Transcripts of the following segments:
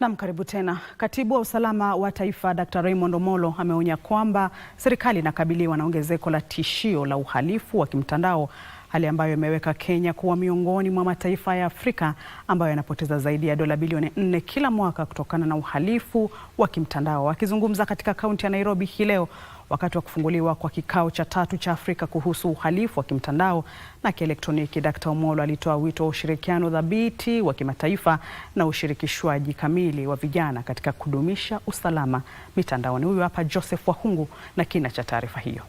Nam, karibu tena. Katibu wa usalama wa taifa Dr. Raymond Omollo ameonya kwamba serikali inakabiliwa na ongezeko la tishio la uhalifu wa kimtandao, hali ambayo imeweka Kenya kuwa miongoni mwa mataifa ya Afrika ambayo yanapoteza zaidi ya dola bilioni nne kila mwaka kutokana na uhalifu wa kimtandao. Akizungumza katika kaunti ya Nairobi hii leo, wakati wa kufunguliwa kwa kikao cha tatu cha Afrika kuhusu uhalifu wa kimtandao na kielektroniki. Dkt. Omollo alitoa wito wa ushirikiano dhabiti wa kimataifa na ushirikishwaji kamili wa vijana katika kudumisha usalama mitandaoni. Huyu hapa Joseph Wahungu na kina cha taarifa hiyo.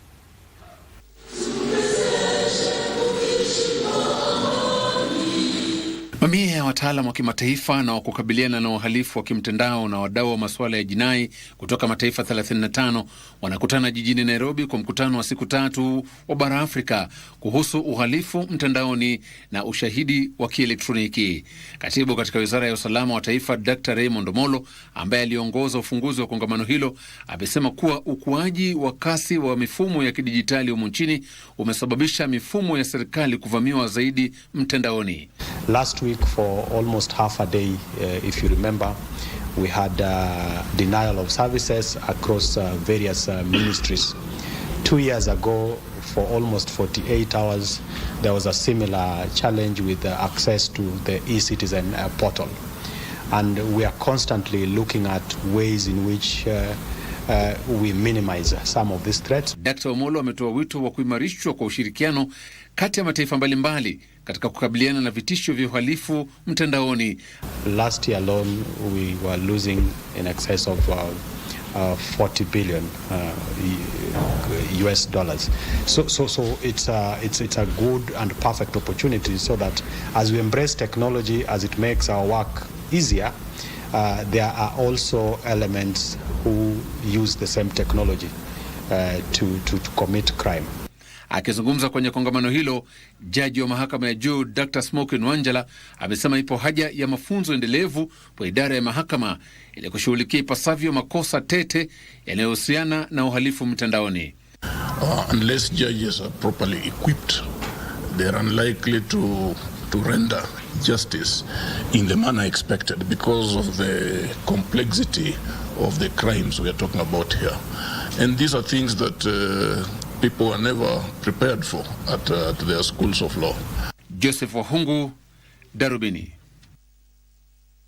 Mamia ya wataalam wa kimataifa na wa kukabiliana na uhalifu wa kimtandao na wadau wa masuala ya jinai kutoka mataifa 35 wanakutana jijini Nairobi kwa mkutano wa siku tatu wa bara Afrika kuhusu uhalifu mtandaoni na ushahidi wa kielektroniki. Katibu katika wizara ya usalama wa taifa Dr Raymond Omolo, ambaye aliongoza ufunguzi wa kongamano hilo, amesema kuwa ukuaji wa kasi wa mifumo ya kidijitali humu nchini umesababisha mifumo ya serikali kuvamiwa zaidi mtandaoni. Last week for almost half a day, uh, if you remember, we had uh, denial of services across uh, various uh, ministries. Two years ago, for almost 48 hours, there was a similar challenge with uh, access to the e-citizen uh, portal. And we are constantly looking at ways in which uh, uh, we minimize some of these threats. Dr. Omolo ametoa wito wa kuimarishwa kwa ushirikiano kati ya mataifa mbalimbali katika kukabiliana na vitisho vya uhalifu mtandaoni. Last year alone we were losing in excess of uh, uh, 40 billion uh, US dollars. So, so, so it's a, uh, it's, it's a good and perfect opportunity so that as we embrace technology as it makes our work easier uh, there are also elements who use the same technology uh, to, to, to commit crime. Akizungumza kwenye kongamano hilo, jaji wa mahakama ya juu Dr. Smokin Wanjala amesema ipo haja ya mafunzo endelevu kwa idara ya mahakama ili kushughulikia ipasavyo makosa tete yanayohusiana na uhalifu mtandaoni. Uh, to render justice in the manner expected because of the complexity of the crimes we are talking about here. And these are things that uh, people are never prepared for at, uh, at their schools of law. Joseph Wahungu, Darubini.